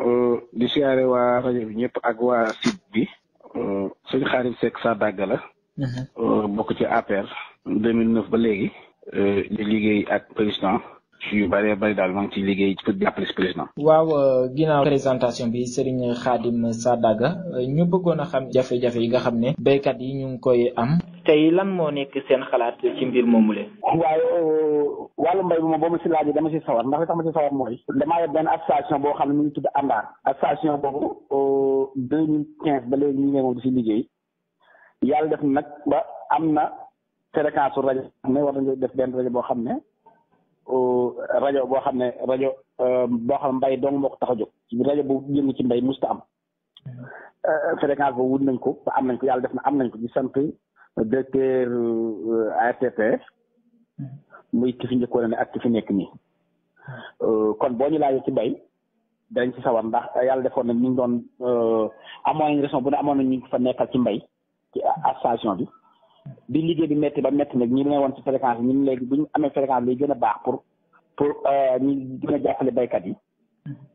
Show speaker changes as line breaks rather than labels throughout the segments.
Euh, di siyaare waa rajo bi ñëpp ak waa site bi euh,
sëñ Xaarim Seck Sadaga la mhm. euh, bokk ci APR 2009 ba léegi di liggéey ak président yu bëree bëri daal maa ngi ciy liggéey pour
waaw euh, ginnaaw présentation bi seriñ Serigne Khadim Sadaga euh, ñu bëggoon a xam jafe-jafe yi nga xam ne béykat yi ñu ngi koy am. tey lan moo nekk seen xalaat ci mbir mu leen. waaye
euh, wàllu mbay bi moom boo ma si laajee dama si sawar ndax li tax ma si sawar mooy. damaa yor benn association boo xam ne mu ngi tudd Andar. association boobu deux mille quinze ba léegi ñu ngi moom di si liggéey yàlla def nag ba am na fréquence rajo xam ne war nañu def benn rajo boo xam ne. Euh, rajo boo xam ne rajo euh, boo xam mbay dong moo ko tax a jóg rajo bu jëm ci mbay musta am euh, fréquence boobu wut nañ ko ba am nañ ko yàlla def na am nañ ko ci sant directeur ARTP muy ki fi njëkkoon ne ak ki fi nekk nii kon boo ñu laajee ci mbay dañ ci sawar ndax yàlla defoon na ñu ngi doon amoon nañ raison bu ne amoon nañ ñu ngi fa nekkal ci mbay ci station bi bi liggéey bi métti ba métti nag ñi ne woon ci fréquence bi ñun bu ñu amee fréquence bi gën a baax pour pour euh, ñu gën a jàppale baykat yi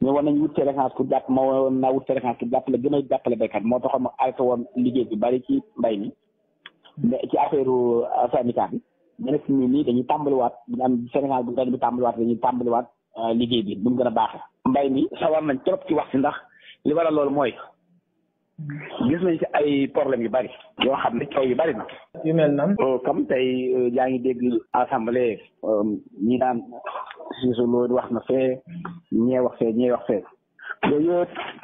ñu war nañ wut fréquence pour jàpp ma woon naa wut fréquence pour jàppale gën a jàppale baykat moo taxoon ma arrêté woon liggéey bi bari ci mbay mi mm-hmm. mais ci affaire euh, syndicat bi ma ne fi mu nii dañuy tàmbaliwaat dañu am fréquence bu ren bi tàmbaliwaat dañuy tàmbaliwaat euh, liggéey bi bu mu gën a baax mbay mi sawar nañ trop ci loolu mooy gis nañ si ay problème yu bari yoo xam ne coow yu bari na. yu mel nan. Euh, comme tey euh, yaa ngi dégg assemblée euh, ñi daan siisu loolu wax na fee ñee wax fee ñee wax fee loolu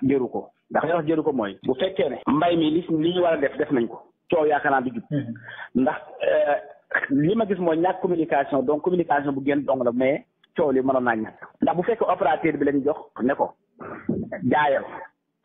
jëru ko ndax li wax jëru ko mooy. bu fekkee ne mbay mi li ñu war a def def nañ ko coow yaakaar naa du jub. Mhm. ndax li ma gis mooy ñàkk communication donc communication bu gën dong la mais coow li mënoon naa ñàkk. ndax bu fekk opérateur bi lañ jox ne ko jaayal.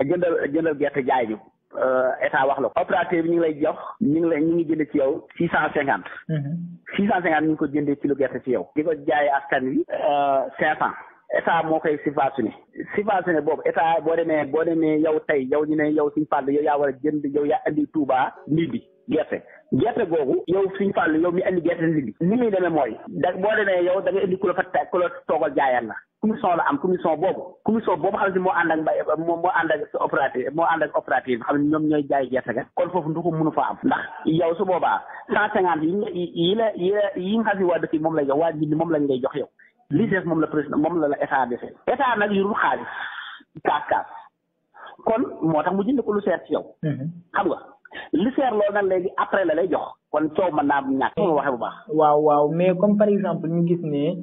jëndal jëndal gerte jaay ñu euh, état wax la ko opérateur bi ñu ngi lay jox ñu ngi lay ñu ngi jënd ci yow six cent cinquante mm-hmm. six cent cinquante ñu ngi ko jëndee kilo gerte ci yow di ko jaay askan wi euh, cinq cent état moo koy subventionné subventionné boobu état boo demee boo demee yow tey yow ñu ne yow suñu fàll yow yaa war a jënd yow yaa andi Touba mil bi gerte gerte googu yow suñu fàll yow mi andi gerte mil bi muy demee mooy da boo demee yow da indi ku la fa commission la am commission boobu commission boobu xam ne moo ànd la yi la yi nga la la président moom la la état dese état nag yurul xaalis kaas kaas kon moo mu jënd ko lu seer ci yow mm-hmm. xam nga li loolu nag léegi après la lay jox kon coow mën naa ñàkk mm-hmm. waxee bu baax
waaw waaw mais comme par exemple ñu gis ne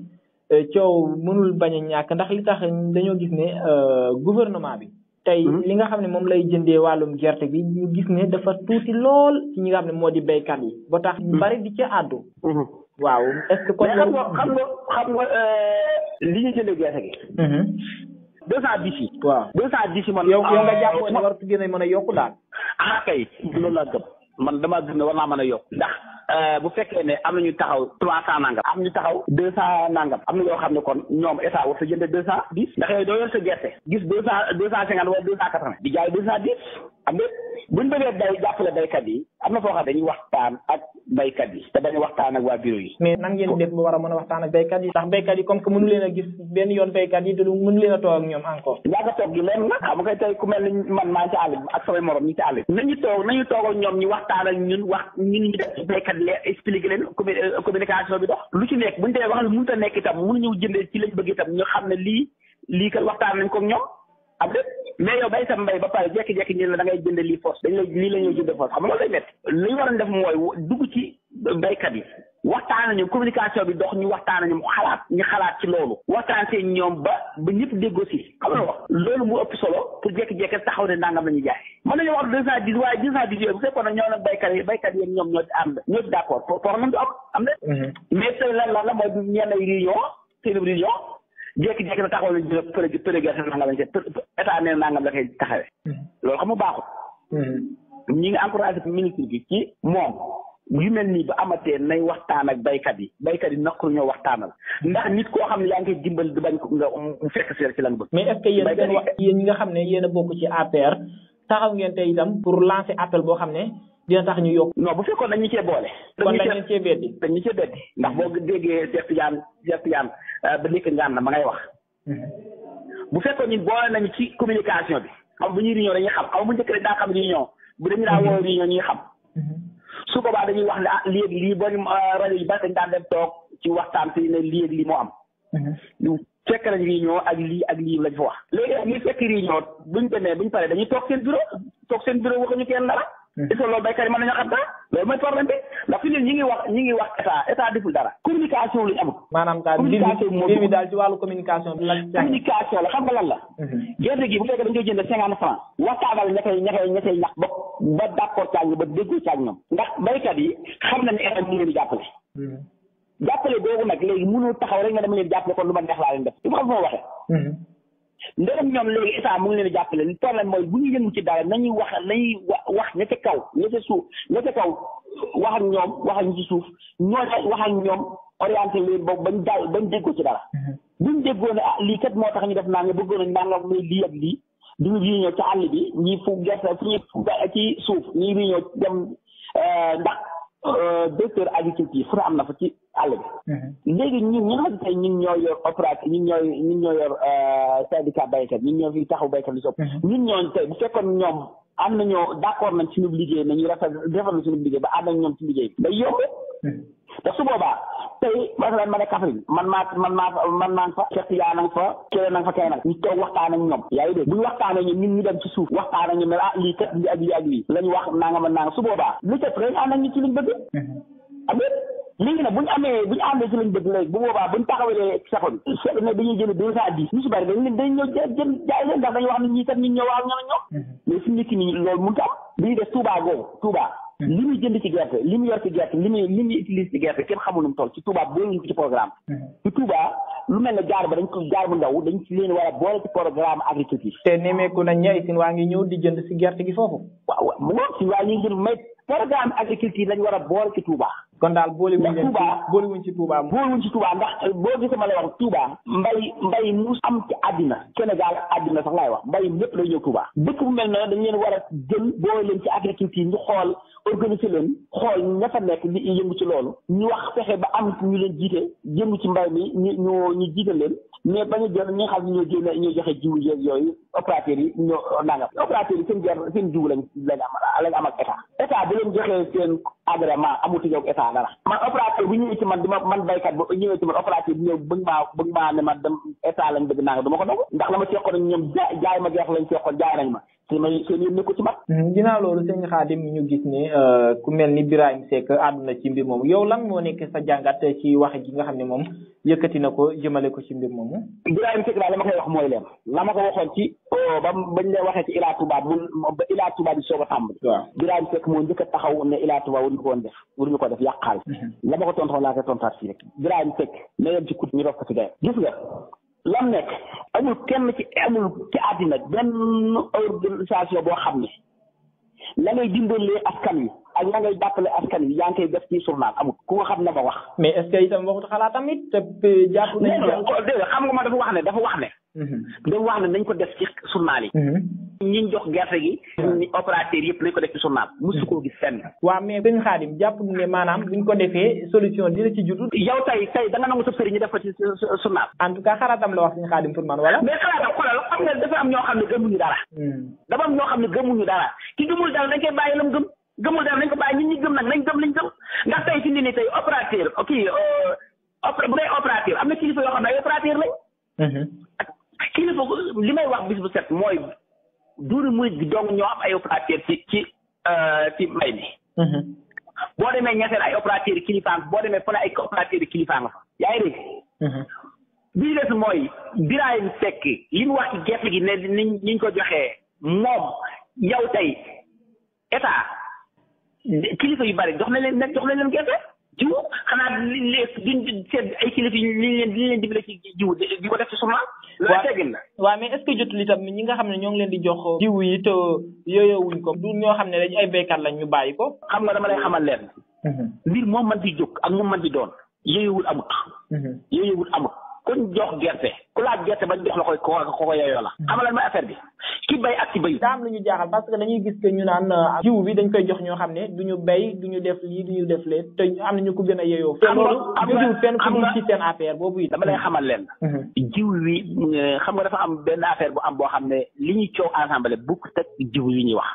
Euh, coow mënul bañ a ñàkk ndax li tax dañoo gis ne euh, gouvernement bi. tey hmm? li nga xam ne moom lay jëndee wàllum gerte bi ñu gis ne dafa tuuti lool ci ñi nga xam ne moo di béykat yi. boo tax hmm? bari di ci àddu. Hmm? waaw est-ce que. xam nga xam
nga euh,
li ñu jëndee gerte gi. de cent dix yi. waaw deux cent dix man. yow yow nga ah, jàppoon ne waratu gën a mën a yokku daal. ah kay
man dama gëm ne war naa mën a yokk ndax. Euh, bu fekkee ne am na ñu taxaw trois cent nangam am ñu taxaw deux cent nangam am na yoo xam ne kon ñoom état war sa jënde deux cent dix ndax doo yor sa gerte gis deux cent deux cent cinquante wala deux cent quatre-vingt di jaay deux cent dix am nga bu
na foo xam dañuy waxtaan ak baykat yi te dañuy waxtaan ak waa bureau yi. mais nan def ba war a mën a waxtaan ak baykat yi. a gis te du mënu a ak ñoom encore. ñaaka man maa ngi ci ak samay morom ñi ci nañu toog
ñoom ñu waxtaan ak ñun ñu def ci baykat yi leen leen euh, communication bi dox. lu ci nekk bu ñu wax ne mënut a nekk itam mënuñu jëndee ci lañ bëgg itam ñu xam ne lii lii kat waxtaan nañ ko ñoom am déet mais yow bay sa mbay ba pare jekki-jekki ñu ne da ngay jënd lii force dañ la lii la ñuy jënd force xam nga loolu yi waxtaan nañu communication bi dox ñu waxtaan nañu xalaat ñu xalaat ci loolu waxtaan seen ñoom ba ba ñëpp déggoo si xam nga wax loolu mu ëpp solo pour jékki-jékki taxaw ne nangam la ñuy jaay mën nañu wax deux cent dix waaye deux cent dix yooyu bu fekkoon ne nag yi baykat yi ñoom ñoo am na ñoo d' accord pour pour am am na mhm. la la mooy ñenn réunion seen réunion jékki-jékki na taxawal nañu a pré prégation nangam lañ état nee nangam la koy taxawee. Mm-hmm. loolu xam nga baaxul. Mm-hmm. ñi ngi encouragé ministre bi ci moom. yu mel nii ba amatee nay waxtaan ak baykat yi baykat yi naqaru
ñoo waxtaanal ndax nit koo xam ne yaa ngi koy dimbal di bañ ko nga fekk seer ci lan bëgg. mais est-ce que yéen ngeen ñi nga xam ne yéen a bokk ci APR taxaw ngeen tey itam pour lancer appel boo xam ne. dina tax ñu yokk. non bu fekkoon dañu cee boole. kon dañu cee beddi dañu cee beddi ndax boo déggee
Cheikh Tidiane Cheikh Tidiane euh, ba nekk ngaan na ma ngay wax. Mm-hmm. bu fekkoon ñun boole nañu ci communication bi xam bu ñuy réunion dañuy xam xam bu njëkk rek daa xam réunion bu dañu daa woo mm-hmm. réunion ñuy xam. Mm-hmm. su boobaa dañuy wax ne ah léegi lii boo euh, rajo yi bari dañu daan dem toog ci waxtaan si ne léegi lii moo am. ñu fekk nañ réunion ak lii ak lii lañ fa wax. léegi nag ñuy fekk réunion buñ demee buñ paree dañuy toog seen bureau toog seen bureau waxuñu kenn dara. est-ce que loolu
béykat yi mën nañu xam dara loolu mooy problème bi ndax fi ñi ngi wax ñi ngi wax état état deful dara communication lu ñu amul. maanaam daal mbir mi daal ci wàllu communication la. communication la xam nga lan la. Mhm. gerte gi bu fekkee dañoo jënd cinquante franc waxtaanal ña koy ña koy ña koy ñax ba ba d'accord caag
ba déggoo caag ñoom ndax béykat yi xam nañ ne état mu ngi leen jàppale. Mhm. jàppale googu nag léegi mënoo taxaw rek nga dem leen jàppale kon lu ma neex laa leen def li nga xam ne moo waxee. Mhm. ndërëm ñoom léegi état mu ngi leen jàppale li problème mooy bu ñu yëngu ci dara nañuy wax nañuy wax ña ca kaw ña ca suuf ña ca kaw wax ak ñoom wax ak ñu ci suuf ñooñu wax ak ñoom orienté leen boobu bañ daal bañ déggoo ci dara. Mm-hmm. buñ déggoo ne ah lii kat moo tax ñu def naa nga bëggoon nañ nangam muy lii ak lii du ñu réunion ci àll bi ñii fu gerte fu ñuy ci suuf ñii réunion dem euh, ndax. deux heures agriculture fu ne am na fa ci àll bi. Mhm. léegi ñun ñi nga xam ne tey ñun ñoo yor opérateur ñun ñoo ñun ñoo yor euh, syndicat béykat ñun ñoo fi taxaw béykat lu sopp. Mhm. ñun ñooñu tey bu am nañoo d'accord nañ suñu liggéey nañu rafet rafetlu suñu liggéey ba ànd ak ñoom ci liggéey day yomb hmm. te su boobaa tey masalan ma ne Kaffrine man maa man maa man maan fa fekk yaa nang fa keneen nang fa keneen nag ñu toog waxtaan ak ñoom yaa ngi dégg bu ñu waxtaanee ñoom ñu dem ci suuf waxtaan ak ñoom ne ah lii kat lii ak lii ak lii lañu wax nangam ak nangam su boobaa li tëp rek ànd ak ci liñ bëgg hmm. am léegi bu ñu amee bu ñu àndee ci lañ bëgg léegi bu boobaa bu ñu taxawalee saxoon ne dañuy jël deux cent dix ñu si bari jaay leen ndax dañu wax ne ñii kat ñun ñoo waaw ñoo ñoo mm-hmm. mais suñu nekk nii loolu mënut am bi ñuy def Touba googu Touba mm-hmm. li muy jënd ci gerte li muy yor ci gerte li muy li muy utilise ci gerte kenn xamul nu toll ci Touba boole ñu ko ci programme mm-hmm.
ci Touba lu mel ne gaar ba dañ ko gaar bu ndaw dañ ci leen war a boole ci programme agriculture te nemeeku na ñay sin waa ngi ñëw di jënd si gerte gi foofu waaw waaw mu ne sin waa ñu ngi jënd mais programme agriculture lañ war kon daal boolewuñ leen ci boolewuñ ci Touba boolewuñ
ci Touba ndax eh, boo gisee ma lay wax Touba mbay mbay mu am ci àddina Sénégal àddina sax laay wax mbay yëpp lay ñëw Touba dëkk bu mel noonu dañ leen war a jël boole leen ci agriculture ñu xool organiser leen xool ña fa nekk di yëngu ci loolu ñu wax fexe ba am ñu leen jiite jëm ci mbay mi ñu ñu ñu jiite leen mais bañ a jël ñi nga xam ne ñoo génne joxe jiwu yeeg yooyu opérateurs yi ñoo nangam opérateurs yi seen jar seen jiwu lañ lañ am lañ am ak état état bu leen joxee seen agrément amul ci yow état dara man opérateur bu ñëwee ci man man baykat bu ñëwee ci man bi ñëw bëgg maa bëgg maa ne ma dem état lañ bëgg nangam du ko dogu ndax la ma seqoon ak ñoom
jaay ma jaay nañ ma seen ay seen yoon nekku ci bat hmm, ginnaaw loolu sëñ Xaadim ñu gis ne euh, ku mel ni Birahim Seck àdduna ci mbir moom yow lan moo nekk sa jàngat ci wax ji nga xam ne moom yëkkati na ko jëmale ko ci mbir moom Birahim Seck daal la ma wax mooy leen la ma ko waxoon
ci oh, ba bañ lay waxee ci Ila Touba bu ba Ila Touba di soog a tàmbali. waaw Birahim Seck moo njëkk a taxaw ne Ila Touba waruñu ko woon def waruñu ko def yàqaal. Hmm. la ma ko tontoon laa koy tontaat ci ko ci gayam lam nekk amul kenn ci amul ci àddina benn organisation boo xam ne la ngay dimbalee askan wi ak la ngay jàppale askan wi yaa ngi koy def ci journal amul ku ko xam na ma wax. mais est-ce que itam waxut xalaat tamit te jàpp nañu. xam nga ma dafa wax ne dafa wax ne. dem mm-hmm. wax ne nañ ko def ci journal yi. Mm-hmm. ñi jox gerte gi. ñi opérateur yëpp nañ ko def ci journal musu mm-hmm. koo gis
fenn. waaw mais sëñ Xaadim jàpp nga ne maanaam buñ ko defee solution dina ci judd. yow tey tey da nga nangu sa sëriñ ñu def ko ci journal. en tout cas xalaatam la wax sëñ Xaadim pour man wala. mais xalaatam xoolal xam nga dafa
am ñoo xam ne gëmuñu dara. Mm. dafa am ñoo xam ne gëmuñu dara ki gëmul dara dañ koy bàyyi lam gëm gëmul dara nañ ko bàyyi ñun ñi gëm nag nañ kilifa li may wax bis bu set mooy duuru muy dong ñoo am ay opérateur ci ci euh, ci mbay mi. Mm-hmm. boo demee ñeseen ay opérateur kilifaang boo demee fële ay opérateur kilifaang la fa yaa ngi dégg. Mm-hmm. bi des mooy Birahim Seck li mu wax gerte gi ne ni ñu ko joxee moom yow tey état mm-hmm. kilifa yu bari jox na leen jox na leen gerte. jiw xanaa li leen duñ seet
leen liñ leen dimbale jiw di ko def ci souvent. waaw waaw mais est ce que jotul itam ñi nga xam ne ñoo ngi leen di jox jiw yi te yooyowuñ ko du ñoo xam ne dañ ay béykat lañ ñu bàyyi ko. xam nga dama lay xamal leen.
Mhm. mbir moom man di jóg ak moom man di doon yooyowul amut. Mhm. yooyowul amut. kuñ jox gerte ku laaj gerte bañ jox la koy ko ko yeyoo la xam lan mooy
affaire bi ki bay ak ki bayu daa am lu ñu jaaxal parce que dañuy gis que ñu naan euh, jiw koy jox ñoo xam ne du ñu bay du ñu am a yeyoo te loolu gisul fenn ku dul ci seen affaire boobu mhm. jiw wi euh, xam nga dafa am benn affaire bu am boo
xam ne li ñuy coow assemblée bukk teg jiw yi ñuy wax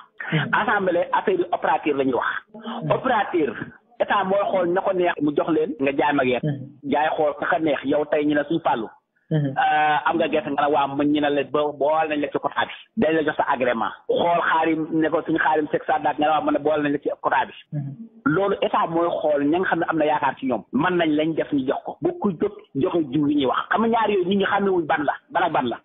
assemblée mhm. affaire yi opérateur la ñuy wax mhm. opérateur état mooy xool na ko neex mu jox leen nga jaay ma gerte mm-hmm. jaay xool ka ka neex yow tey ñu ne suñ fàllu mm-hmm. euh, am nga gerte nga ne waa mën ñu ne la ba bool nañ la ci quota bi dañ la jox sa agrément xool xaarim ne ko suñu xaarim seg sa daak a bool nañ la ci quota mm-hmm. loolu état mooy xool ña nga xam ne am na yaakaar ci ñoom man nañ lañ def ñu jox ko bu ku jóg joxe jiw yi ñuy wax xam nga ñaar yooyu nit ñi xàmmewuñ ban la ban ak ban la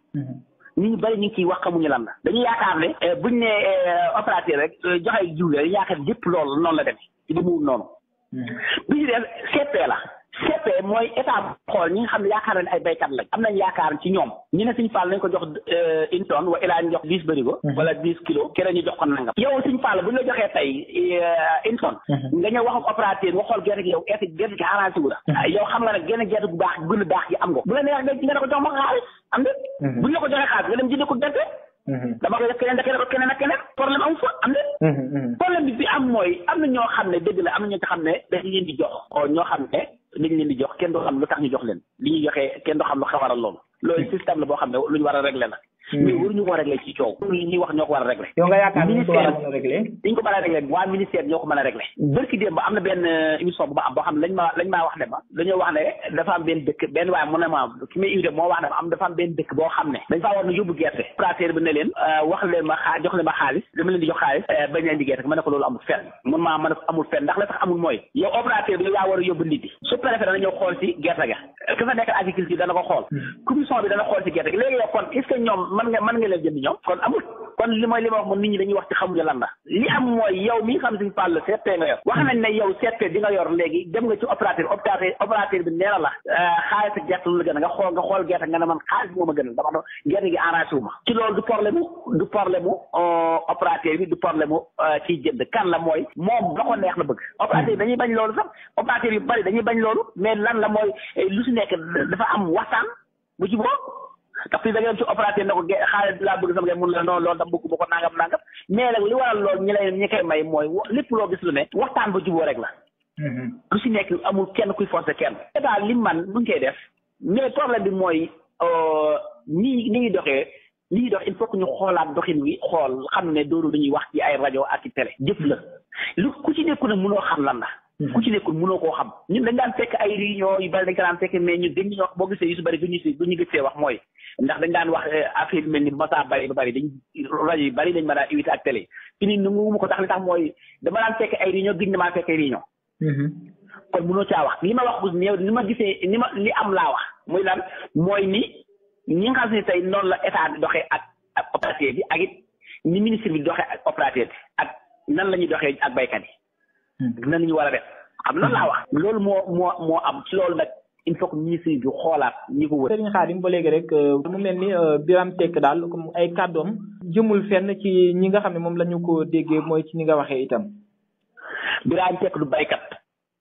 nit ñu bëri ñu ngi ciy wax xamuñu lan la dañu yaakaar ne euh, buñ ne euh, opérateur rek joxe jiw yi dañu yaakaar lépp loolu noonu la demee ci li mu noonu bi ñu def CP la CP mooy état bu xool ñi nga xam ne yaakaar nañ ay béykat lañ am nañ yaakaar ci ñoom ñu ne Sëñ Fall nañ ko jox euh, une wa ilaa ñu jox dix bërigo mhm. wala dix kilos keneen ñu jox ko nangam yow Sëñ Fall bu ñu la joxee tey euh, une tonne mhm. nga ñëw wax ak opérateur nga xool gerte gi yow est gerte gi arrangé la mhm. ah, yow xam nga nag genn gerte gu baax gu baax gi am nga bu la neex nga ne ko jox ma xaalis am na bu ñu la ko joxee xaalis nga dem jënd ko Mhm. dama koy def keneen ak keneen ak keneen ak keneen problème amu fa am de mhm, mhm. problème bi am mooy am na ñoo xam ne dëgg la am na ñoo xam ne dañ leen di jox ñoo xam ne liñ leen di jox kenn du xam lu tax ñu jox leen li ñuy joxee kenn du xam lu xewaral loolu loolu système la boo xam ne lu ñu war a régler la Hmm. mais waruñu ko régler ci coow li ñuy wax ñoo ko war a régler
yow nga yaakaar ñu ko war a mën a
régler dañ a régler waa ministère ñoo ko mën a régler bërki démb ba am na benn euh, émission bu ma am boo xam ne lañ ma lañ maa wax ne ma dañoo wax ne dafa am benn dëkk boo xam ne dañ faa war na yóbbu gerte opérateur bi ne leen euh, wax leen ma xaa jox leen ma xaalis dama leen di jox xaalis euh, bañ leen di gerte ma ne ko loolu amul fenn mun ma ne amul fenn ndax la tax amul mooy yow opérateur bi yaa war a yóbbu nit mën nga mën nga leen jënd ñoom kon amul kon li mooy li ma wax moom nit ñi dañuy wax ci xamuñu lan la li am mooy yow mi xam suñ pàll seetee nga yor wax nañ ne yow seetee di yor léegi dem nga ci opérateur opérateur bi nee la euh, xaalis gerte lu la gën a nga xool gerte nga ne man xaalis moom a gënal dama doon gerte gi arrangé wu ma ci loolu du problème mu du problème mu euh, opérateur bi du problème mu euh, kiy jënd kan la mooy moom la bi dañuy bañ loolu sax opérateur la mooy lu ndax fii da nga dem ci opérateur ne ko xaalis laa bëgg sama ngeen mun la noonu loolu tam bëgguma ko nangam nangam mais nag li waral loolu ñi lay ñi koy may mooy lépp loo gis lu ne waxtaan ba juboo rek la mm-hmm. lu si nekk amul kenn kuy forcer kenn état li man mu ngi koy def mais problème bi mooy nii euh, ni ngi doxee li dox il faut que ñu xoolaat doxin wi xool xam ne dooru lu ñuy wax ci ay rajo ak ci télé jëf la lu ku ci nekku nag mënoo xam lan la Mhm. ku ci nekkul mënoo koo xam ñun dañ daan fekk ay réunion yu bari dañ daan fekk mais ñun dañ boo gisee yu si ñu wax mooy ndax dañ daan wax euh, affaire mel ni masa bari ba bari dañ rajo yu bari dañ ma daan invité ak télé fi ni nunguma ko tax li tax mooy dama daan fekk ay réunion gis damaa fekk ay réunion kon mënoo caa wax li ma wax bu néew ni ma gisee ni ma li am laa wax muy lan mooy ni ñi nga xam ne tey noonu la état bi ak ak opérateur bi ak it ni ministre bi doxee ak opérateur bi ak nan la ñuy doxee ak baykat yi Hmm.
dina ñu war a def am loolu hmm. laa wax. loolu moo moo moo am ci loolu nag il faut que ministre yi xoolaat ñi ko wër. Serigne Khadim ba léegi rek euh, mu mel ni euh, Birame Seck daal comme ay kàddoom jëmul fenn ci ñi nga xam ne moom lañu ko déggee mooy ci ñi nga waxee itam. Birame Seck du baykat.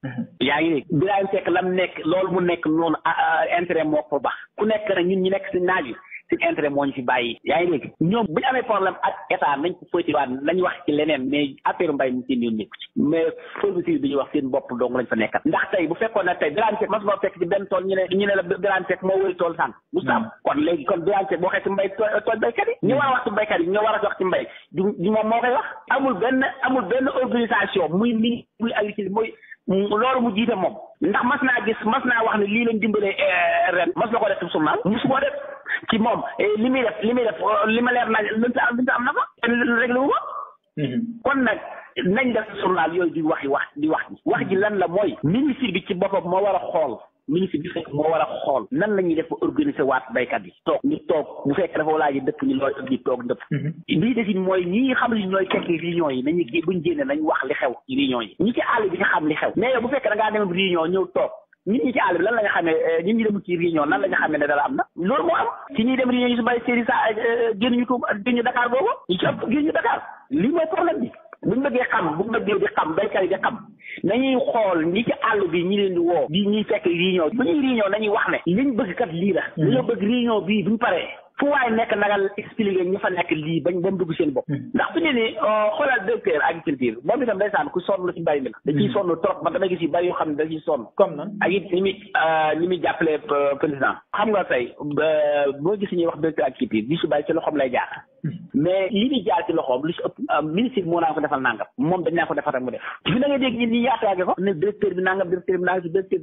Hmm. yaa ngi dégg
Birame la mu nekk loolu mu nekk noonu ah, ah, intérêt moo ko baax ku nekk nag ñun ñu nekk si naaj suñu intérêt moo ñu fi bàyyi yaa ngi dégg ñoom bu ñu amee problème ak état nañ ko fëtiwaat nañ wax ci leneen mais affaire mbay mi seen yoon nekku ci mais producteurs bi ñuy wax seen bopp dong lañ fa nekkal ndax tey bu fekkoon na tey Birane Seck mas nga fekk ci benn tool ñu ne ñu ne la Birane Seck moo wëri tool sànq Moustapha hmm. kon léegi kon Birane Seck boo xee ci mbay tool baykat yi hmm. ñu war a wax ci baykat yi ñoo war a wax ci mbay du moom moo koy wax amul benn naa wax ne lii lañ dimbalee eh, ren mas la ko def sum naal ci moom li muy def li muy def euh, li ma leer naaj luñ ci am luñ ci am na ko kenn réglé wu ko. Mhm. kon nag nañ def journal yooyu di waxi wax di wax ji wax ji lan la mooy ministre bi ci boppam moo war a xool. ministre bi fekk moo war a xool nan la ñuy def organiser waat béykat yi toog ñu toog bu fekk dafa laaj dëkk ñu looy ëpp ñu toog dëpp mhm. lii desin mooy ñi xam li ñooy tekki réunion yi nañu buñ jénne nañ wax li xew réunion yi ñi ci àll bi ñu xam li xew mais yow bu fekk da ngaa dem réunion ñëw toog nit ñi ci àll bi lan la nga xamee euh, ñi dem ci réunion nan la nga xamee ne dara am na loolu moo am ci ñuy dem réunion yi su bari seeni sa génn ñu Tuuba génn ñu Dakar boobu ñu ci ëpp génn ñu Dakar lii mooy problème bi buñ bëggee xam buñ bëggee di xam béykat yi di xam nañuy xool ñi ci àll bi ñu leen di woo di ñuy fekk réunion bu ñuy réunion nañuy wax ne liñ bëgg kat lii la li nga bëgg réunion bii buñ paree fu waaye nekk nagal expliqué ñu fa nekk lii bañ ba mu dugg seen bopp. Mm-hmm. ndax fi ne nii oh, xoolal docteur la. da ciy mm-hmm. sonn trop man damay gis yu bari yoo xam da ciy sonn. comme nan ak it moom bi nangam directeur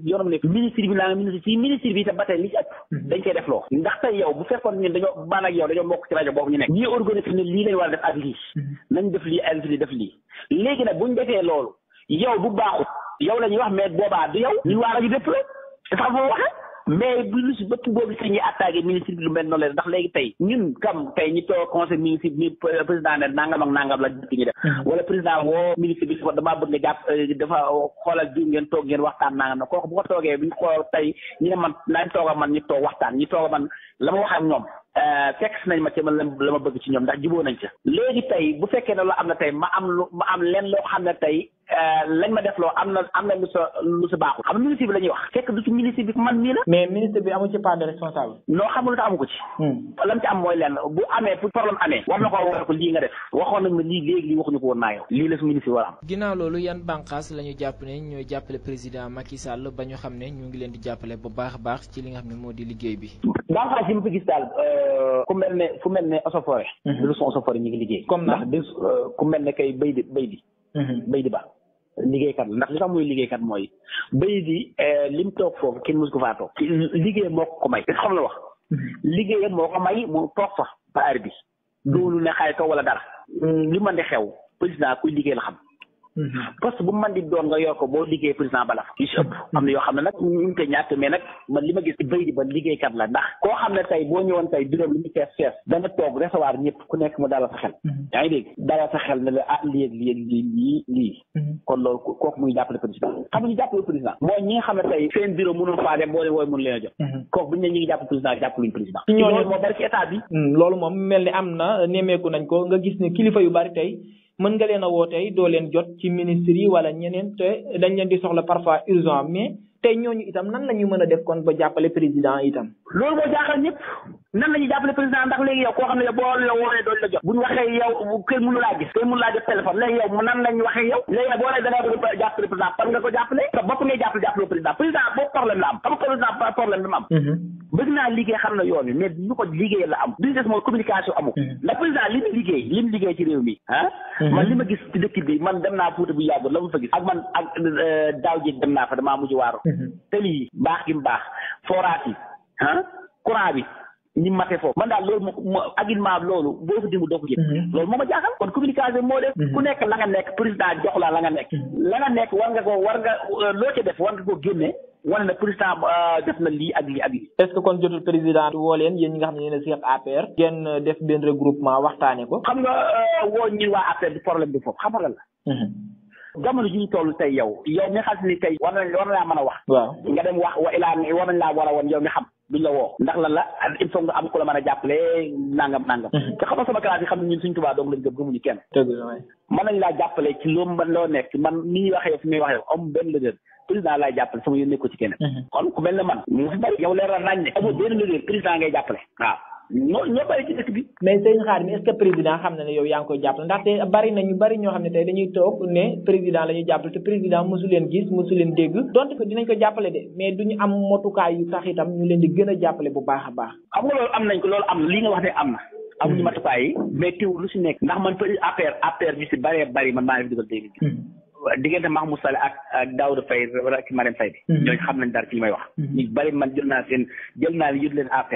bi nangam si si ministre bi itam mm-hmm. dañ koy def loo ndax tey yow bu fekkoon ñun dañoo man ak yow dañoo bokk ci rajo boobu ñu nekk ñii organisé lii lañ war a def ak lii mhm. nañ def lii ak lii léegi nag buñ defee loolu yow bu baaxut yow la ñuy wax mais boobaa du yow ñu waa rajo dépp la dafa bu lu si bëpp boobu si ñuy lu mel noonu la ndax léegi tey ñun kam tey ñu toog conseil ministre bi président ne nangam ak nangam la jëkk ñu def mhm. wala président woo ministre bi ko damaa bëgg nga jàpp euh, dafa xoolal jiw ngeen toog ngeen waxtaan nangam na kooku bu ko toogee bu ñu xool tey ñu ne man nañ toog man ñu toog waxtaan ñu toog man la ma wax ak ñoom Euh, fekk si nañ ma ca man la ma bëgg ci ñoom ndax juboo nañ ca léegi tey bu fekkee ne loo am na tey ma am lu ma am leen loo xam ne tey Euh, lañ ma defloo am na am na lu sa lu sa baaxul xam ministre bi la wax
fekk du ci ministre bi man mii la mais ministre bi amu ci part de responsable noo
xamul lu tax amu ko ci hmm. lam ci am mooy lenn bu amee pour problème amee war na ko war ko lii nga def waxoon nañ ma léegi lii waxuñu ko woon naa yow lii la su ministre war am
ginnaaw loolu yan bànqaas la ñu jàpp ne ñooy jàppale président Macky Sall ba ñu xam ne ñu ngi leen di jàppale bu baax baax ci li xam ne moo di liggéey bi
bànqaas yi ma gis daal euh, ku mel ne fu mel hmm. ñu ngi liggéey comme ndax euh, ku mel ne kay bay bay di bay hmm. ba liggéeykat ndax li tax muy liggéeykat mooy bay di eh, lim toog foofu kenn mës ko faa toog liggéey moo ko may xam la wax liggéeyam moo ko may mu toog fa ba aar bi doonu ne xaritoo wala dara li man di xew président kuy liggéey la xam
Mhm. poste
bu man di doon nga yor boo liggéey président bala fa yoo xam ne nag ñu ngi koy ñàkk mais nag man li ma gis bëri di ba liggéeykat la ndax koo xam ne tey boo ñëwoon tey bureau li ñu fees fees dana toog recevoir ñëpp ku nekk mu dalal sa xel mhm. yaa ngi dégg dalal sa xel ne la ah lii ak lii lii lii mhm. kon loolu kooku muy jàppale président xam nga ñu jàppale président mooy ñi xam ne tey seen bureau mënul faa dem boo leen wooy mënu leen
a jot kooku bu mën nga leen a woo tey doo leen jot ci ministre yi wala ñeneen te dañ leen di soxla parfois urgent mais tey ñooñu itam nan la ñu a def kon ba jàppale président itam. loolu moo jaaxal ñëpp nan la jàppale président ndax léegi yow koo xam ne boo la
wooree doon la jot bu ñu waxee yow kenn mënu laa gis kenn mënu laa jot téléphone léegi yow nan la waxee yow léegi nag boo nee da ngaa bëgg a président président boobu problème la am xam nga président problème la am mhm. bëgg naa liggéey xam na yoon wi mais ñu ko liggéey la am business mooy tëli yi baax gi mu baax forage yi ah courant bi ñi mate foofu man daal loolu moo agilement loolu boo ko dimbu doo ko jël mhm. loolu moo ma jaaxal kon communication moo def mhm. ku nekk la nga nekk président jox la la nga nekk mhm.
la nga nekk war nga ko war nga euh, loo ca def war nga ko génne wane na président euh, def na lii ak lii ak lii est-ce que kon jotul président woo leen yéen ñi nga xam ne yéen a seq APR euh, def benn regroupement waxtaane ko xam nga woo ñun waa APR du problème bi foofu xam nga la jamono
ji ñu toll tey yow yow mi xam ni tey war nañ war na laa mën a wax nga dem wax wa ilaa war nañ laa war a woon yow mi xam duñ la woo ndax lan la il faut nga am ku la mën a jàppale nangam nangam mhm. te xam nga sama classe yi xam ne ñun ci loo mën loo nekk man nii waxee fi muy waxee yow benn lëgër président laay jàppale sama yónnee ko ci keneen mhm. kon ku mel ne man mu fi bari
yow leeral nañ ne amul benn lëgër président ngay jàppale waaw ñoo ñoo bari ci dëkk président xam na ne yow yaa ngi koy jàppale ndaxte bari na ñu bari ñoo xam ne tey dañuy toog ne président la ñuy jàppale te président mosu leen gis mosu leen dégg. donte ko dinañ ko jàppale de mais duñu am motukaay yu tax itam ñu leen di gën a jàppale bu baax a baax.
xam nga loolu am nañ ko loolu am na lii nga wax ne am na. Hmm. amuñu matukaay yi. mais teewul lu si nekk. ndax man peut affaire affaire bi si bëree bëri man maa ngi dugal dégg. Hmm. diggante Mahmoud Saleh ak ak Daouda Faye wala ak Marème Faye bi. Hmm. ñooñu xam nañ dara ci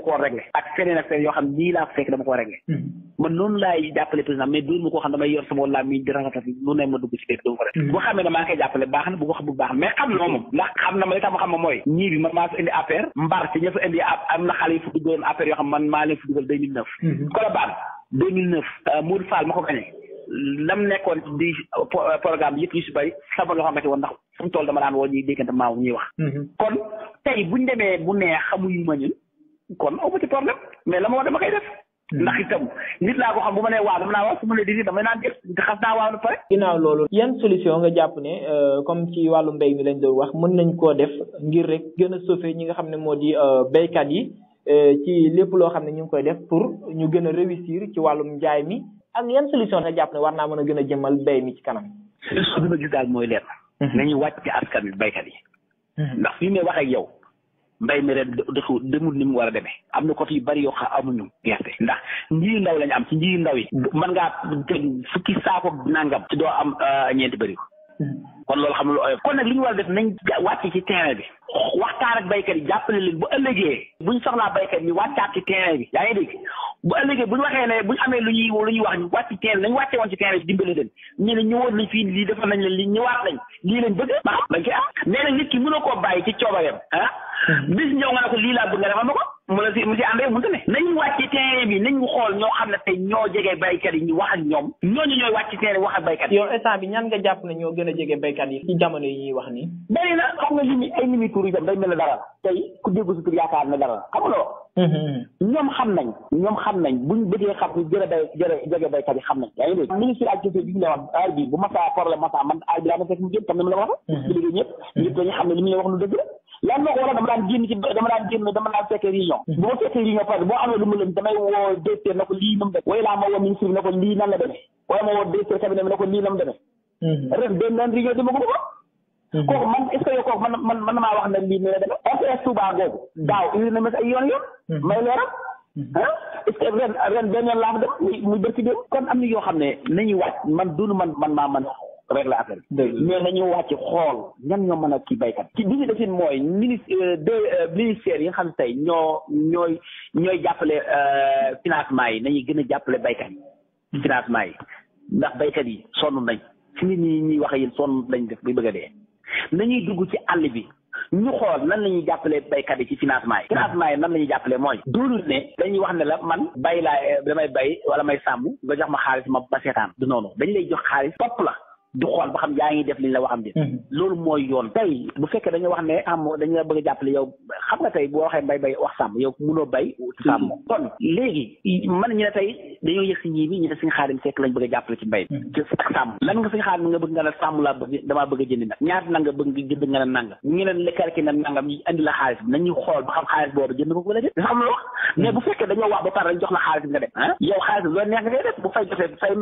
dama koo réglé ak feneen ak feneen yoo xam nii laa ko fekk dama koo réglé hmm. man noonu laay jàppale président mais doolu ma koo xam damay yor sama laa mi di ma ko rek hmm. bu xamee ne maa ngi koy jàppale baax na ma ko gañe lam nekkoon di euh, programme yëpp yu si sama loxo nga ci woon ndax fu mu dama daan woo ñuy déggante maaw ñuy wax hmm. kon tey buñ demee bu neex xamuñu ma ñun kon aw ma ci problème mais la ma wax dama koy def. Hmm. ndax itam nit
laa ko xam bu ma nee waaw dama naa waaw su ma nee didi damay naan jël xas naa waaw pare. ginnaaw loolu yan solution nga jàpp ne euh, comme ci wàllu mbéy mi lañ doon wax mën nañ koo def ngir rek gën a sauver ñi nga xam ne moo di euh, béykat yi euh, ci lépp loo xam ne ñu ngi koy def pour ñu gën a réussir ci wàllum njaay mi ak yan solution nga jàpp ne war naa mën a gën a jëmal mbéy mi ci kanam. solution bi ma gis daal mooy leer. Hmm. ñu wàcc askan bi béykat yi. Hmm. ndax fi may wax ak yow. mbay
mi de dafa demul ni mu war a demee am na côté yu bari yoo xam amuñu gerte ndax nji ndaw lañ am ci nji ndaw yi mën ngaa teg fukki saako nangam ci doo am euh, ñeenti bëri ko mm-hmm. kon loolu xam lu oyof kon nag li ñu war a def nañ wàcc ci terrain bi waxtaan ak baykat yi jàppale leen bu ëllëgee buñ soxlaa baykat yi wàccaat ci terrain bi yaa ngi dégg bu ëllëgee bu ñu waxee ne bu ñu amee lu ñuy lu ñuy wax ñu wàcc teen nañ wàcce woon ci teen dimbale leen ñu ne ñëwoon nañ fii lii defal nañ leen lii ñëwaat nañ lii lañ bëgg ba xam dañ koy am nee nit ki mënoo koo bàyyi ci coobareem ah hmm. bis ñëw nga ko lii laa bëgg nga defal ma ko mu la si mu si ànd mënta ne nañu wàcc terrain bi nañu xool ñoo xam ne tey
ñoo jege baykat yi ñu wax ak ñoom ñooñu ñooy wàcc terrain wax ak baykat yi yow instant bi ñaan nga jàpp ne gën a jege baykat yi ci jamono yi ñuy wax nii
bari na xam nga limi ay limi tur yi tam day mel ne dara la tey ku déggu si tur yaakaar ne dara la xam nga hmm, hmm, hmm. ñoom xam nañ ñoom xam nañ buñ bëggee xam ñu jërë bay jërë jege baykat yi xam nañ yaa ngi dégg ministre agriculture bi la wax bu masaa problème masaa man aar bi laa ma fekk mu jëm tam na mu la wax la ñëpp ñëpp dañu xam ne li mu la wax lu dëgg la lan moo ko waral dama daan génn ci dama daan génn dama daan fekkee réunion mm-hmm. parce boo amee lu ma leen damay woo DPR na ko lii nam def wala ma woo ministre bi na ko lii nan la demee wala ma woo DPR na ko lii nam demee mm-hmm. ren benn nan réunion di ma ko
mm-hmm.
man est ce kooku man man man maa wax ne lii nii la demee RTS Touba googu daaw indi a ma ay yoon yoon may leeral ah est ce que ren ren benn yoon laa fa dem muy bërki déew kon am na yoo xam ne nañu wàcc man dunu man man maa man rek la affaire bi. mais wàcc xool ñan ñoo mën a kii béykat. ci bi ñu defin mooy ministre euh, de euh, ministère yi nga xam tey ñoo ñooy ñooy jàppale euh, financement yi na nañuy gën a jàppale baykat yi. Hmm. financement yi ndax béykat yi sonn nañ si ñi ñuy wax yéen sonn nañ def buy bëgg a dee nañuy dugg ci àll bi. ñu xool nan la ñuy jàppalee béykat yi ci financement yi. financement yi nan la ñuy jàppalee mooy. doonul ne dañuy wax ne la man bay laa eh, damay bay wala may sàmm nga jox ma xaalis ma ba seetaan. du noonu dañ lay jox xaalis topp la. du xool ba xam yaa ngi def li ñu la wax am di mm-hmm. loolu mooy yoon tey bu fekkee dañu wax ne am dañu la a jàppale yow xam nga tey boo waxee mbay bay wax sàmm mm-hmm. a mm-hmm. a ba xam xaalis boobu jënd ko wala déet xam lu wax mais bu fekkee dañoo wax ba pare lañ jox la xaalis bi nga def ah, yow xaalis bi loolu neex nga def bu fay jotee bu fay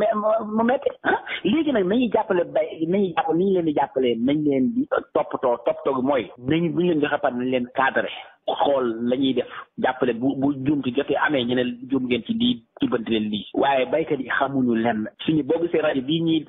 mu metti ah. léegi nag nañuy jàppale jàppale bay nañu jàpp ni ñu leen di jàppalee nañ leen di toppatoo toppatoo gi mooy nañ bu ñu leen a par nañ leen cadré xool la ñuy def jàppale bu bu jumti jotee amee ñu ne ci lii jubbanti leen lii waaye baykat yi xamuñu lenn suñu boo gisee rajo euh, euh, bi ñu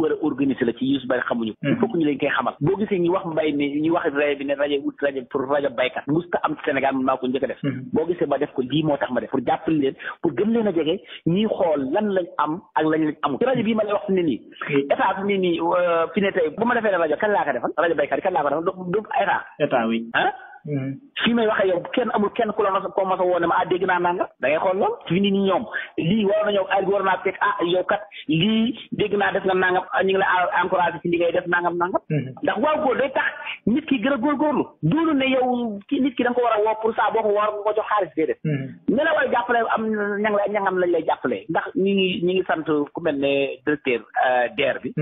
war a organiser la ci yu bari xamuñu hmm. il faut que ñu leen koy xamal boo gisee ñu wax mbay mi ñu wax rajo bi ne rajo ut rajo pour rajo baykat musta am ci Sénégal man maa ko njëkk a def hmm. boo gisee ma def ko lii moo tax ma def pour jàppale leen pour gën leen a jege ñuy xool lan lañ am ak lañ lañ amul amul rajo bii ma lay wax ni ne nii état euh, fi ne nii fi tey bu ma defee rajo kan laa defal rajo béykat yi kan laa ko defal du état état oui ah Hmm. fii may waxee yow kenn amul kenn ku la mas koo mas a woo ne ma ah dégg naa nanga da ngay xool lool fii nii ñoom lii war na ñëw ay war naa fekk ah yow kat lii dégg naa def nga nangam ah, ñu ngi la encouragé ci li ngay def nangam am hmm. ndax waaw góor day tax nit ki gën a góorgóorlu doonu ne yow ki nit ki da nga ko war a woo pour saa boo ko war ko jox xaalis déedéet. ñu hmm. la a jàppale am ña nga ñangam lañ lay jàppale ndax ñu ngi ñu ngi sant ku mel ne directeur euh, DER bi.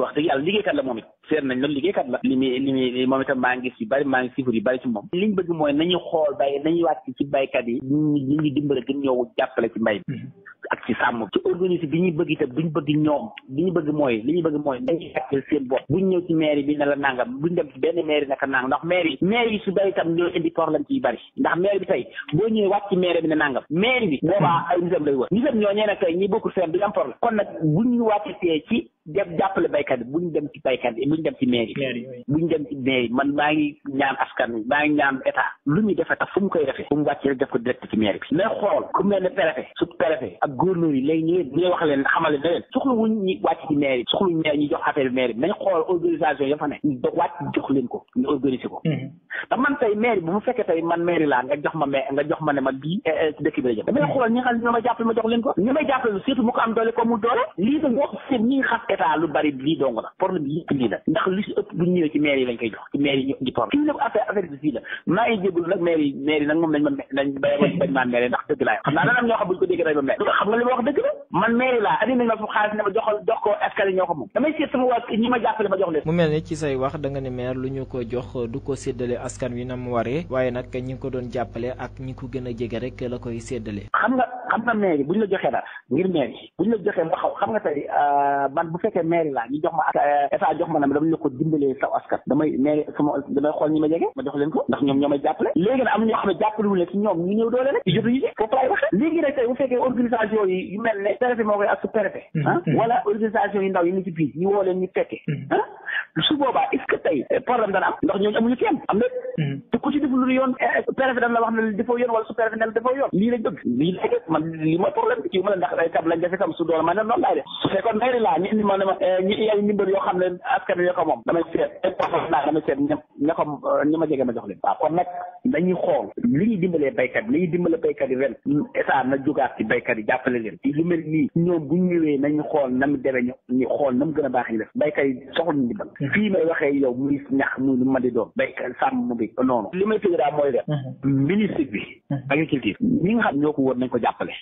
wax dëgg yàlla liggéeykat la moom yi seet nañ loolu liggéeykat la li muy li muy moom itam maa ngi gis yu bari maa ngi sifur yu bari ci moom liñ bëgg mooy nañu xool bay nañu wàcc ci baykat yi ñu ñu dimbale gën ñëw jàppale ci mbay bi mhm. ak ci sàmm ci organisme bi ñuy bëgg itam duñu bëgg ñoom li ñu bëgg mooy li ñu bëgg mooy nañu jàppale seen bopp buñ ñëw ci mairie bi ne la nangam buñ dem ci benn mairie naka nangam ndax mairie yi mairie yi su bari itam ñoo indi problème ci yu bari ndax mairie bi tey boo ñëwee wàcc ci mairie bi ne nangam mairie bi boobaa ay nitam lay wër nitam ñoo ñee nag tey ñi bokkul seen duñ am problème kon nag buñ ñu wàccatee ci dem jàppale baykat bi buñ dem ci baykat bi buñ dem ci mairie bi buñ dem ci mairie man maa ngi ñaan askan wi maa ngi ñaan état lu ñu defe tax fu mu koy defee fu mu wàcc rek def ko direct ci mairie bi mais xool ku mel ne préfet sous préfet ak gouverneur yi lay ñëwee ñuy wax leen xamale na leen soxla wuñ ñi wàcc ci mairie bi soxla wuñ mairie ñu jox affaire bi mairie bi nañ xool organisation ya fa ne ñu wàcc jox leen ko ñu organiser ko da mhm. man tey mairie bu mu fekkee tey man mairie laa nga jox ma ma nga jox ma ne ma bii ci eh, eh, dëkk bi la jëm damay xool ñi nga xam ne ñoo ma jàppale ma jox leen ko ñi may jàppale surtout mu ko am doole ko mu doole lii da nga wax seen ñi nga xam état lu bari lii dong la problème bi yëpp lii la ndax lu si ëpp bu ñëwee ci maire lañ koy jox ci maire yi la affaire affaire bi fii la maa ngi jégalu nag maire yi maire yi nag moom ko dégg dañ ma xam nga li ma wax dëgg la man maire laa andi nañ ma fu xaalis ne ma jox ko escalier ñoo ko moom damay seet sama waa ñi ma jàppale ma jox leen mu
mel ni ci say wax danga ne maire lu ñu ko jox du ko séddale askan wi na mu waree waaye nag ñi ko doon jàppale ak ñi ko gën a jege rek la koy séddale xam nga xam nga maire
fekkee maire laa ñu jox ma euh, état jox ma na ma dama la ko dimbalee saw askan damay maire sama damay xool ñi ma jege ma jox leen ko ndax ñoom ñoo may jàppale la léegi nag moo koy ak su préfet mm-hmm. ah wala yi ndaw yi ni ci biir ñu woo leen ñu fekkee mm-hmm. ah. su boobaa est-ce euh, problème dana am ndax ñooñu amuñu kenn am na mm-hmm. te ci def lu yoon eh, préfet dana la wax ne defoo yoon wala su préfet ne la yoon lii lañ bëgg lii lañ man lii mooy problème bi ci ma ma ne ma ne ma eh, ñi ay ndimbal yoo xam ne askan wi ko moom damay seet ay poson naa yi nañuy dimbale baykat yi ren yi jàppale leen lu mel nii ñoom bu ñu ñëwee nañu xool na mu demee ñu xool na mu gën a baax ñu def baykat yi soxla ñu dimbal fii may waxee yow muy ñax muy lu ma di doon baykat sàmm bi noonu li may tëgg daal mooy def ministre bi agriculture ñi nga xam ñoo ko woon nañ ko jàppale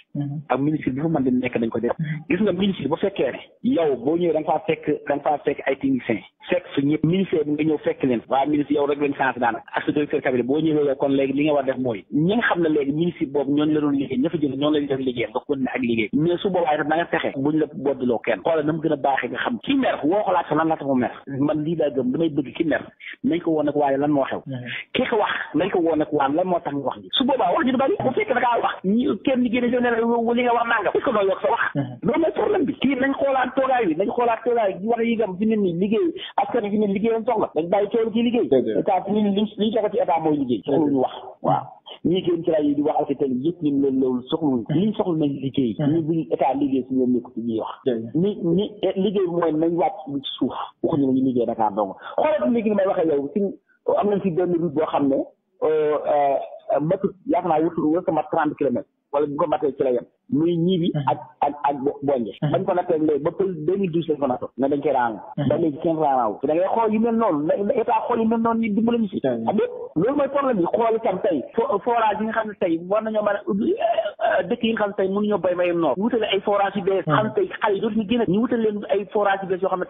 ak ministre bi fu mën di nekk nañ ko jàpp gis nga ministre bu fekkee ne yow ñëw da nga faa fekk da nga faa fekk ay techniciens fekk su ñëpp ministère bi nga ñëw fekk leen waa ministre yow rek lañ chance daanaka ak sa directeur cabinet boo ñëwee kon léegi li nga war def mooy ñi xam ne léegi ministre boobu ñooñu la liggéey ña fa jël ñoonu lañ liggéey nga continuer ak liggéey mais su boobaa itam da nga fexe buñ la bodduloo kenn xoolal a lan moo xew mm-hmm. kii ko wax nañ ko woon ak waan lan moo tax nga wax ji su boobaa wax ji bari bu fekk xoolaat toogaay wax yi gam liggéey askan fi nit liggéey lañ soxla dañ bàyyi coow ci liggéey état fi nit liñ liñ soxla ci état mooy ñu soxluñu wax waaw ñii gën ci rajo yi di wax ak ci télé yëpp ñun loolu loolu soxluñu liñ soxla liggéey ñu buñu état liggéey si eh, mooy nañ wàcc suuf waxuñu nañu liggéey Dakar dong xoolati léegi ni may waxee yow si am nañ si benn route boo xam ne euh, euh, matut yaakaar naa wutul wër sama trente kilomètres wala bu ko matee ci la yam muy ñibi ak ak ak bonje ko nattee léegi ba pël deux mille lañ ko nattoon ne dañ da ngay xool yu mel noonu na xool yu mel noonu ñu dimbali ñu si ak ah, loolu bi a ubbi euh, euh, dëkk yi nga xam ne tey mënuñoo béy mayum noor wutale ay forage yu bees xam tey xale yi dootu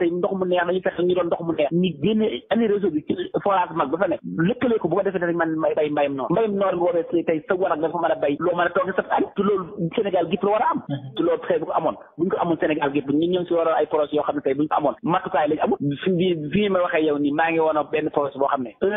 ndox mu neex nañu fexe ñu doon ndox mu neex ñu génne ani réseau bi ci forage mag ba fa nekk lëkkalee ko bu ko defee danañ mën bay mbayum noor mbayum noor nga waree tey sa war a nga fa mën a bay loo mën a toog sa añ te loolu Sénégal équipe la war a am mhm. ci loolu xëy bu ko amoon buñ ko amoon Sénégal gépp ñi ñëw si war ay projet yoo xam ne tey buñ ko amoon matukaay lañ amul fi bi fi ma waxee yow nii maa ngi woon benn projet boo xam ne mhm.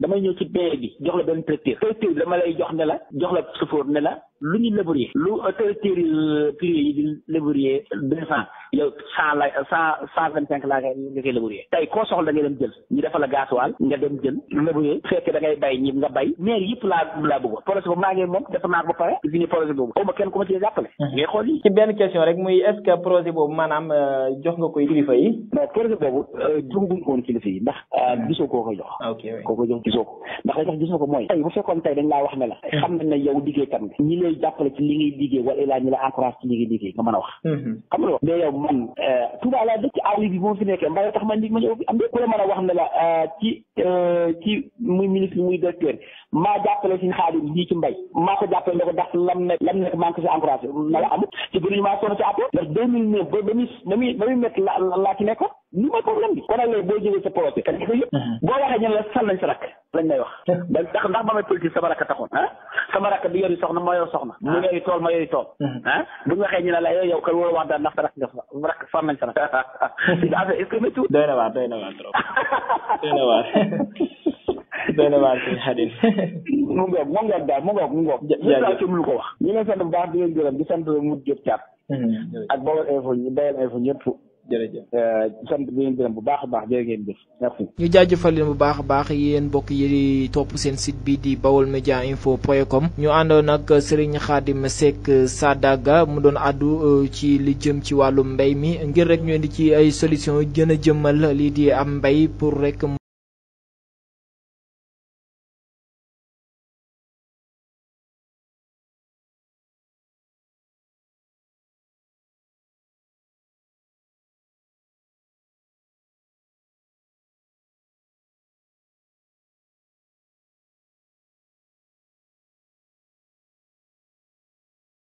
damay ñëw ci maire bi jox la benn tracteur tracteur lay jox ne jox la sufoor ne lu ñu labourer lu autorité privé euh, yi di labourer deux cent yow cent la cent cent vingt cinq laa nga koy labourer tey koo soxla da ngay dem jël ñu defal la gasoil nga dem jël labourer fekk da ngay bay ñi nga bay maire yëpp laa laa bëgg projet
boobu maa moom dafa naa ko ba pare fi ni projet boobu xaw ma kenn ku ma ci jàppale mhm. ngay xool yi ci benn question rek muy est boobu maanaam euh, jox nga koy kilifa yi non projet boobu joxaguñ euh, ko woon kilifa yi ndax mhm. gisoo koo ko ndax la ko mooy tey bu fekkoon tey dañ laa wax ne la mhm.
xam nañ lay jàppale ci li ngay liggéey wala ilaa ñu la encourage ci li ngay liggéey nga mën a wax mm-hmm. xam nga mais yow man euh, Touba laa dëkk àll bi bu fi nekkee mbaa tax man li ma ñëw fi am ku a wax ne euh, ci euh, ci muy ministre muy directeur maa jàppale suñu xaadim lii ci mbay maa ko jàppale ne ko nekk maa ko si encouragé na si àpp ndax deux mille neuf ba ba muy ba muy ba muy métti la laa ci bi kon nag léegi boo jógee sa projet kan mhm. ko yëpp boo waxee ñu ne la sal nañ sa rakk lañ wax da ndax ndax ba may politique sama rakk taxoon ah sama rakk du yori soxna ma yor soxna ah. mu yori tool ma yori tool mhm. ah bu ñu waxee ñu ne la yow yow kan wóor wax daal
na doy na waar suñu xarit
mu ngoog mu ngoog daal mu ngoog mu ngoog jaajëf lu ko wax ñu leen sant bu baax di leen gërëm di sant mu jëf caat ak Baol Info ñu Baol Info ñëpp jërëjëf euh, sant bi ngeen gërëm bu baax a baax jërë ngeen jëf
merci. ñu jaajëfal leen bu baax a baax yéen mbokk yi topp seen site bi di bawol media info point com ñu àndoon ak Serigne Khadim Seck Sadaga mu doon àddu euh, ci li jëm ci wàllum mbay mi ngir rek ñu indi ci ay solution gën a jëmmal lii di am mbay pour rek